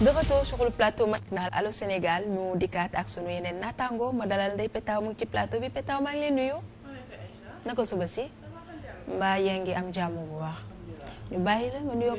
de retour sur le plateau matinal Allô Sénégal ñu dikkaat ak sunu yeneen naataango ma dalal Ndeye Pétaw mu ngi ci plateau bi Pétaw maa ngi leen nuyu. naka suba si. mbaa yaa ngi am jàmm bu baax. ñu bàyyi la nga nuyoog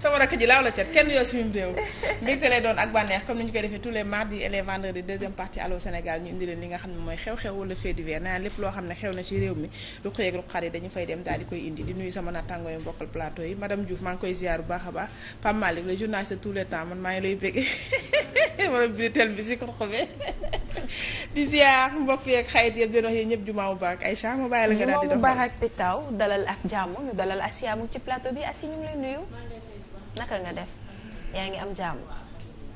sama rakk ji laaw la cat kenn yoo simim réew mbégte lay doon ak bànneex comme ni ñu koy defee tous les mardis et deuxième partie Allô Sénégal ñu indi leen li nga xam ne mooy xew-xew wala fait divers naan lépp loo xam ne xew na ci réew mi lu xëyeeg lu xar yi dañu fay dem daal di koy indi di nuyu sama nattangoo yu mbokkal plateau yi madame Diouf maa a baax Pape Malick le journaliste de tous mbokk yeeg xayit yëpp doon wax yéen ñëpp jumaa mu baax Aïcha ma bàyyi la nga daal di dox baax ak pitaaw dalal ak jàmm ñu dalal Asia mu ci plateau bi Asia ñu ngi lay nuyu naka nga def yaa ngi am jàmm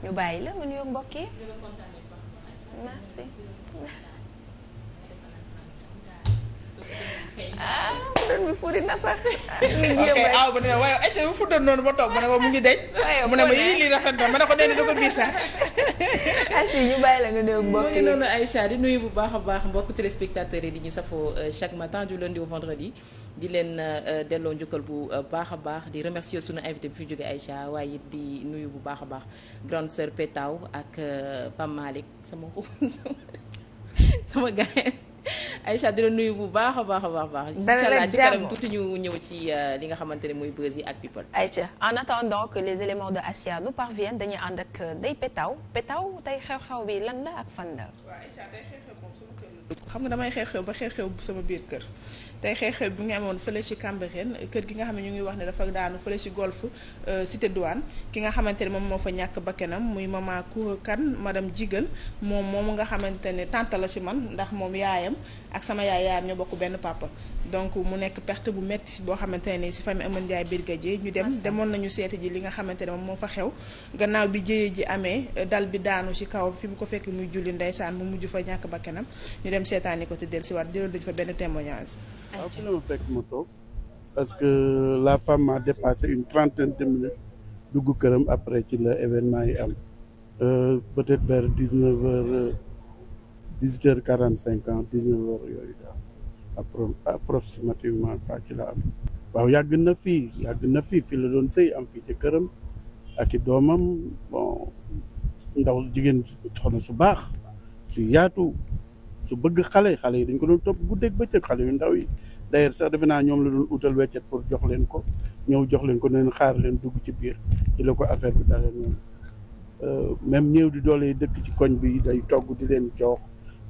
ñu bàyyi la ma nuyoo mbokk yi merci ah bi furi na sax. a aw ba ne waaye est bu fuddoon noonu ba toog ma ne mu ngi deñ mu ne ma yii lii rafet na ma ne ko nee na da ko gisaat. Asi ñu bàyyi la nga déglu mbokk ngi noonu Aïcha di nuyu bu baax a baax mbokk téléspectateurs yi di ñu safoo euh, chaque matin du lundi au vendredi. di leen euh, delloo njukkal bu euh, baax a baax di remercier sunu invité bi fi jóge Aïcha waaye it di nuyu bu baax a baax grande sœur Pétaw ak Pam sama sama gars ay di la nuyu bu baax a baax a baax baax. incha allah ci kanam tuuti ñu ñëw ci euh, li nga xamante ne mooy buzz yi ak people. Aïcha en attendant que les éléments de Asia nous parviennent dañuy ànd ak euh, day petaw petaw tey xew-xew bi lan la ak fan xam nga damay xew-xew ba xew-xew sama biir kër tey xew-xew bi nga amoon fële ci Cambérène kër gi nga xam ne ñu ngi wax ne dafa daanu fële ci golf euh, cité douane ki nga xamante ne moom moo fa ñàkk bakkanam muy maman Koura Kane madame Jigal moom moomu nga xamante ne tante la man ndax moom yaayam ak sama yaay yaayam ñoo bokk benn papa donc mu nekk perte bu métti boo xamante ne ci famille Amane Ndiaye Birga Dieye ñu dem demoon nañu seeti ji li nga xamante ne moom moo fa xew gannaaw bi jëye ji amee dal bi daanu ci kawam fi mu ko fekk muy julli ndeysaan mu mujj fa ñàkk bakkanam ñu dem seetaani ko te dellusiwaat jëloon dañu fa benn témoignage. waaw ah, ah, ci la ma fekk ma parce que la femme a dépassé une trentaine de minutes dugg këram après ci la événement yi am euh, peut-être vers dix neuf heures dix huit heures quarante cinq dix neuf heures yooyu daal approximativement pas ci la am. waaw yàgg na fii yàgg na fii fii la doon sëy am fii ci këram ak i doomam ndaw jigéen soxna su baax su yaatu. su bëgg xale yi xale yi dañ ko doon bu topp ba bëccëg xale yu ndaw yi d'ailleurs sax defe naa ñoom la doon utal weccet pour jox leen ko ñëw jox leen ko neen xaar leen dugg ci biir di la ko affaire bi dalee noonu euh, même ñëw di doole yi dëkk ci koñ bi day togg di leen jox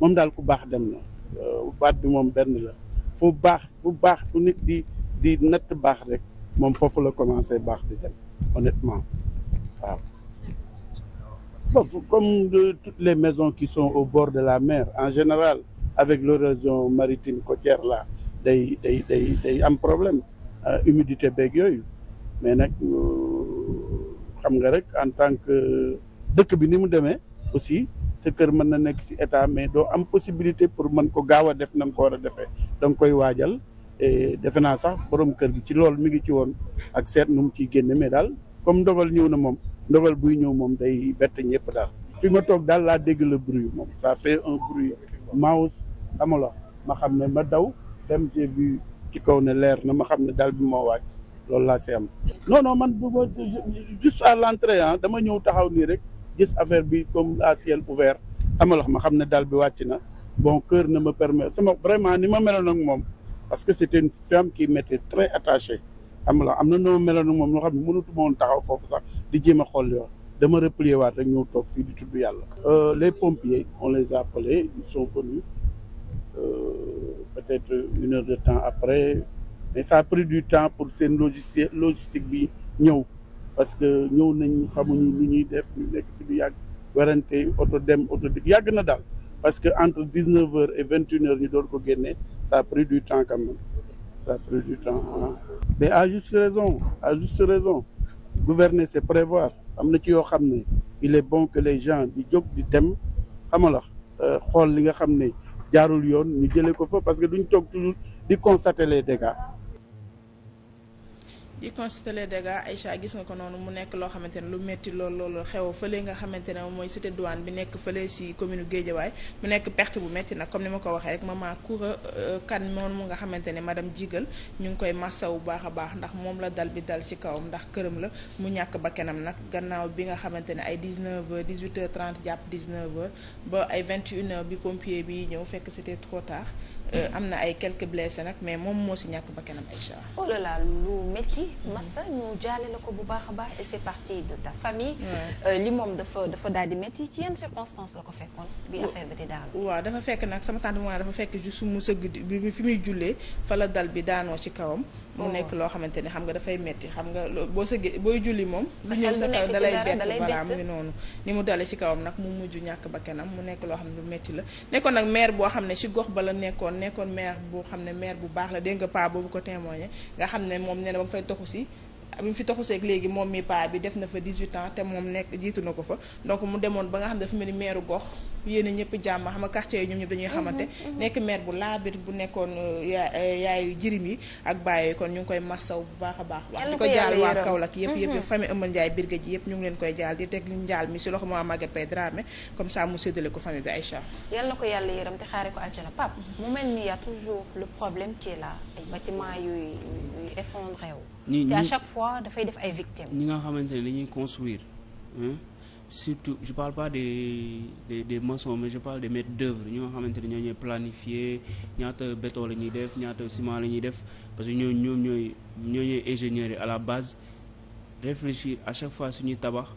moom daal ku baax dem na euh, baat bi moom benn la fu baax fu baax fu nit di di nett baax rek moom foofu la commencé baax bi dem honnêtement waaw Bon, comme toutes les maisons qui sont au bord de la mer en général avec l'érosion maritime côtière la day day day day am problème euh, humidité beeg yooyu mais nag euh, xam nga rek en tant que dëkk bi ni mu demee aussi sa kër mën na nekk ci état mais doo am possibilité pour mën ko gaaw a def na nga ko war a defee da nga koy waajal et defe naa sax borom kër gi ci loolu mu ngi ci woon ak seet nu mu ciy génne mais daal comme ndogal ñëw na moom. ndogal buy ñëw moom day bett ñëpp daal fi ma toog daal laa dégg le bruit moom sa fait un bruit maus amala ma xam ne ma daw dem ci bi ci kaw ne leer na ma xam ne daal bi moo wàcc loolu laa si am non non man bu ma juste à l'entrée ah dama ñëw taxaw nii rek gis affaire bi comme à ciel ouvert amalax ma xam ne daal bi wàcc na bon kër na ma permet sama vraiment ni ma meloon ak moom parce que c'était une femme qui m'était très attachée xam nga am na noo meloon moom ñoo xam ne mënatu moon taxaw foofu sax di jéem a xool yoon dama replier waat rek ñëw toog fii di tudd yàlla. Euh, les pompiers on les a appelés ils sont venus euh, peut-être une heure de temps après mais ça a pris du temps pour seen logistique logistique bi ñëw parce que ñëw nañ xamuñu lu ñuy def ñu nekk ci yàgg warante oto dem oto dikk yàgg na daal parce que entre dix neuf heures et vingt une heures ñu doolu ko génnee ça a pris du temps quand même. ça a mais à juste raison à juste raison gouverner c'est prévoir am na ci yoo xam ne il est bon que les gens di jog di dem xamala euh, xool li nga xam ne jaarul yoon ñu jëlee ko fa parce que duñ toog toujours di constater les dégâts yi constaté les dégâts Aïcha gis nga ko noonu mu nekk loo xamante ne lu métti lool loolu xew fële nga xamante ne mooy cité douane bi nekk fële si commune Guédiawaye mu nekk perte bu métti nag comme ni ma ko waxee rek maman Koura euh, Kane moom nga xamante ne madame Jigal ñu ngi koy massawu baax a baax ndax moom la dal bi dal ci kawam ndax këram la mu ñàkk bakkanam nag gannaaw bi nga xamante ne ay 19h h jàpp 19h ba ay 21h bi pompier bi ñëw fekk c'était trop tard euh, am na ay quelques blessés nag mais moom moo si ñàkk bakkanam Aïcha. oh lu métti. Massa ñu jaale la ko bu baax a baax elle fait partie de ta famille. Euh, li moom dafa dafa daal di métti ci yenn circonstances la ko fekkoon. bi affaire bi di daal. waaw dafa fekk nag sama tante moom dafa fekk juste mu sëgg bi fi muy jullee fa la dal bi daanoo ci kawam. mu nekk oh. loo xamante ni xam nga dafay metti xam nga boo sa gé booy julli moom lu ñëw sa kaw dalay bett voilà mu ngi noonu ni mu dale si kawam nag mu mujj ñàkk bakkanam mu nekk loo xam ne lu metti la nekkoon nag maire boo xam ne si gox ba la nekkoon nekkoon maire boo xam ne maire bu baax la dégg nga pa boobu ko témoigné nga xam ne moom nee na ba mu fay toxu si bi mu fi toxuseeg léegi moom mi paa bi def na fa 18 ans te moom nekk jiitu na ko fa donc mu demoon ba nga xam ne dafa mel ni meeru gox yéen a ñëpp jàmm dañuy xamante mm-hmm, mm-hmm. nekk maire bu laabir bu nekkoon euh, euh, yaayu jirim yi ak bàyyi kon ñu ngi koy massaw bu baax a baax wax ko jaal waa Kaolack yëpp yëpp mm-hmm. famille Ëmba Njaay Birgé ji yëpp ñu ngi leen koy jaal di teg njaal mi si loxo maa Maguette Pay Dramé mu séddale ko famille bi Aïcha ko yàlla yërëm te ko àjjana Pape mu mel ni y a toujours le problème qui est là ay bâtiment yuy effondré ñi te à chaque fois dafay def ay ñi nga xamante ne dañuy construire surtout je parle pas des des des maçons mais je parle des maîtres d'œuvre ñi nga xamante ne ñoo ñooy planifier ñaata béton la ñuy def ñaata ciment la ñuy def parce que ñoo ñoom ñooy ñoo ingénieurs yi à la base réfléchir à chaque fois suñuy tabax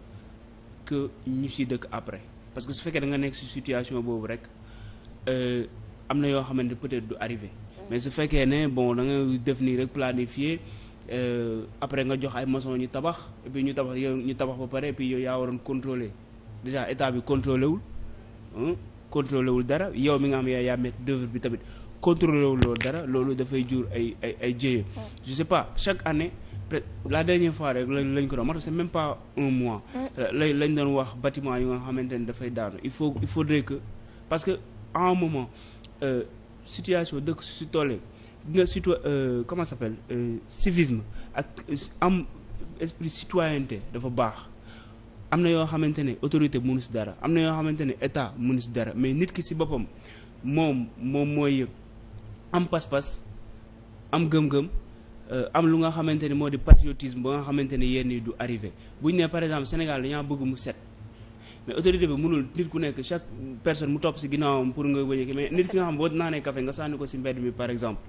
que ñu si dëkk après parce que su fekkee da nga nekk si situation boobu rek euh, am na yoo xamante peut-être du arriver mm. mais su fekkee ne bon da def nii rek planifier Euh, après nga jox ay maçon ñu tabax et ñu tabax yow ñu tabax ba pare et puis yaa waroon contrôler déjà état bi contrôlé wul contrôlé wul dara yow mi nga xam yaa yaa maître d'œuvre bi tamit contrôlé wul loolu dara loolu dafay jur ay ay ay jéye je sais pas chaque année la dernière fois rek lañ ko doon moo tax c'est même pas un mois mm. la lañ doon wax batiment yu nga xamante ne dafay daanu il faut il faudrait que parce que à moment euh, situation dëkk su si tollee nga situ euh, comment ça s'appelle euh, civisme ak euh, am esprit citoyenneté dafa baax am na yoo xamante ne autorité mënu si dara am na yoo xamante ne état munu si dara mais nit ki si boppam moom moom mooy am pas-pas am gëm-gëm am lu nga xamante ne moo di patriotisme ba nga xamante ne yenn yi du arrivé bu ñu nee par exemple Sénégal dañaa bëgg mu set. mais autorité bi mënul nit ku nekk chaque personne mu topp si ginnaawam pour nga wëñe mais nit ki nga xam boo naanee café nga sànni ko si mbedd mi par exemple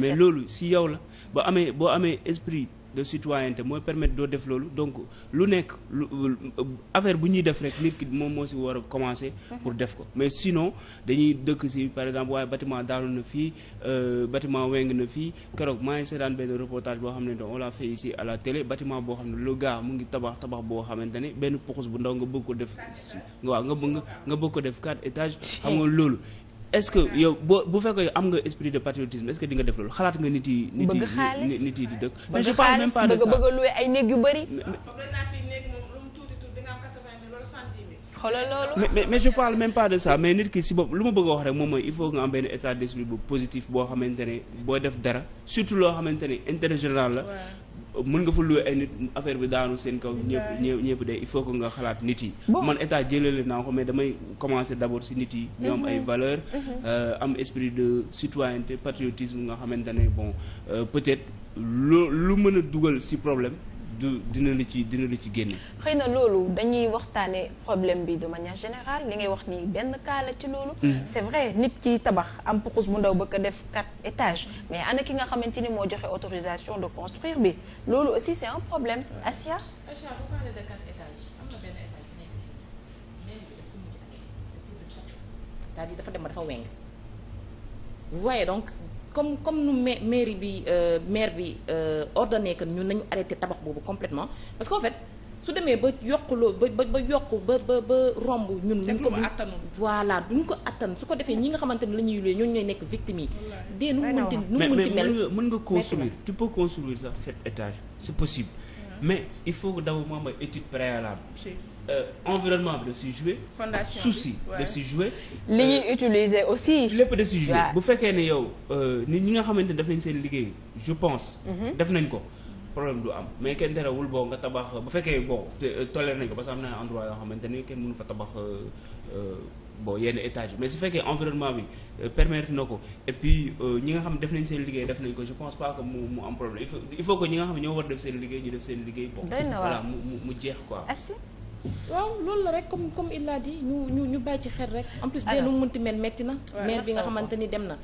mais loolu si yow la ba amee boo amee esprit de citoyenneté mooy permettre doo def loolu donc lu nekk lu euh, affaire bu ñuy def rek nit ki moom moo si war a commencer pour def ko mais sinon dañuy dëkk si par exemple waaye bâtiment daalu na fii euh, bâtiment weng na fii keroog maa ngi seetaan benn reportage boo xam ne on l'a fait ici à la télé bâtiment boo xam ne le gars mu ngi tabax tabax boo xamante ne benn puxus bu ndaw nga bëgg ko def waaw nga bëgg nga bëgg ko def quatre étage xam nga loolu est-ce que yow boo bu fekkee am nga esprit de patriotisme est-ce que di nga def loolu xalaat nga nit yi. nit yi nit di dëkk. mais je parle même pas de bëgg bëgg ay néeg yu bëri. xoolal loolu. mais mais je mais nit ki si bopp lu ma bëgg wax rek moom mooy il faut nga am benn état d'esprit bu positif boo xamante ne boo def dara surtout loo xamante ne intérêt la. mën nga fa luwe ay nit affaire bi daanu seen kaw ñëpp ñëpp de il faut que nga xalaat nit yi man état jëlale naa ko mais damay commencer d'abord ci nit yi am ay mhm. valeur mhm. euh, am esprit de citoyenneté patriotisme nga xamante ne bon euh, peut-être loo lu mën a dugal si problème du dina lu ci dina lu ci génne. xëy na loolu dañuy waxtaane problème bi de manière générale li ngay wax ni benn kaala ci loolu. Mm-hmm. c'est vrai nit ki tabax am pukus bu ndaw ba ko def quatre étages mais ana ki nga xamante ni moo joxe autorisation de construire bi loolu aussi c'est un problème. Asia. Asia dafa dem dafa weng. vous donc. comme comme nu ma mair bi euh, mair bi euh, ordonné que ñun nañu arrêté tabax boobu complètement parce qu'en fait su demee ba yokkuloo ba ba ba yokk ba ba ba romb ñun luñ ko voilà duñ ko attan su ko defee ñi nga xamante ne la ñuy luwee ñooñu ñooy nekk victime yi dee nu munti nu munti mel mais mën nga construire tu peux construire sax sept étages c'est possible mais il faut que d'abord mu am étude préalable Euh, environnement bi daf si joué. fondation suuf si daf si joué. li ñuy euh, utiliser aussi. lépp daf si joué bu fekkee ne yow euh, nit ñi nga xamante ne def nañ seen liggéey je pense. Mhm. def nañ ko. problème du am mais kenn terewul boo nga tabax bu fekkee boo toléré nañ ko parce que am na endroit yoo xamante ni kenn mënu fa tabax bon yenn étage mais su fekkee environnement bi permettre na ko et puis ñi nga xam def nañ seen liggéey def nañ ko je pense pas que mu mu am problème il faut seen liggéey ñu def seen liggéey bon mu mu jeex quoi waaw loolu la rek comme comme il l'a dit ñu ñu ñu bàyyi ci xel rek en plus dee nu mënti mel metti na maire bi nga xamante ni dem na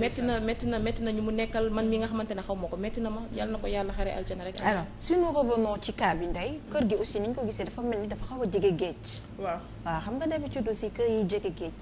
metti na metti na metti na ñu mu nekkal man mi nga xamante ne xaw ma ko metti na ma yàlla na ko yàlla xare aljana rek alors si nous revenons ci cas bi ndey kër gi aussi ni ñu ko gisee dafa mel ni dafa xaw a jege géej waaw waaw xam nga d'habitude aussi kër yi jege géej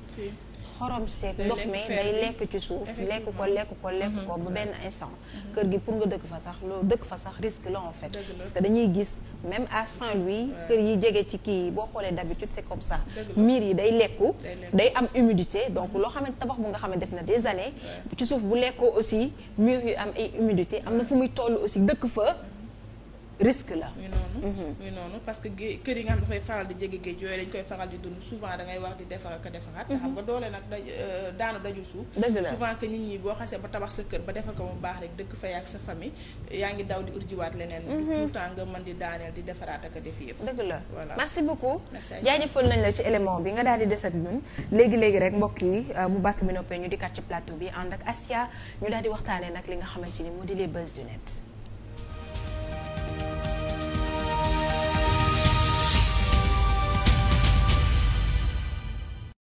xorom seeg ndox mi day lekk ci suuf lekk ko lekk ko lekk ko bu benn instant mhm. kër gi pour nga dëkk fa sax loo dëkk fa sax risque la en fait parce que dañuy gis même à sant louis kër yi jege ci kii boo xoolee d'habitude c'est comme sax miir yi day lekku day am humidité donc mhm. loo xamante tabax bu nga xamante def na des années ci suuf bu lekkoo aussi miir yu am ay humidité am na fu muy toll aussi dëkk fa risque la. muy noonu. Mhm. muy noonu parce que kër yi nga xam dafay faral di jege géej yooyu dañ koy faral di dund souvent da ngay wax di defar ak a defaraat. te mhm. xam nga doole nag daj euh, daanu dajul suuf. dëgg que nit ñi boo xasee ba tabax sa kër ba defar ko mu baax rek dëkk fa ak sa famille yaa ngi daw di urjiwaat leneen. Mhm. tout le temps di daaneel di defaraat ak a def yëpp. dëgg la voilà merci beaucoup. merci jaajëfal nañ la ci élément bi nga daal di des ak ñun léegi léegi rek mbokk yi mu euh, bàkk bi noppee ñu di kat ci plateau bi ànd ak Asia ñu daal di waxtaanee nag li nga xamante ni moo di les buzz du net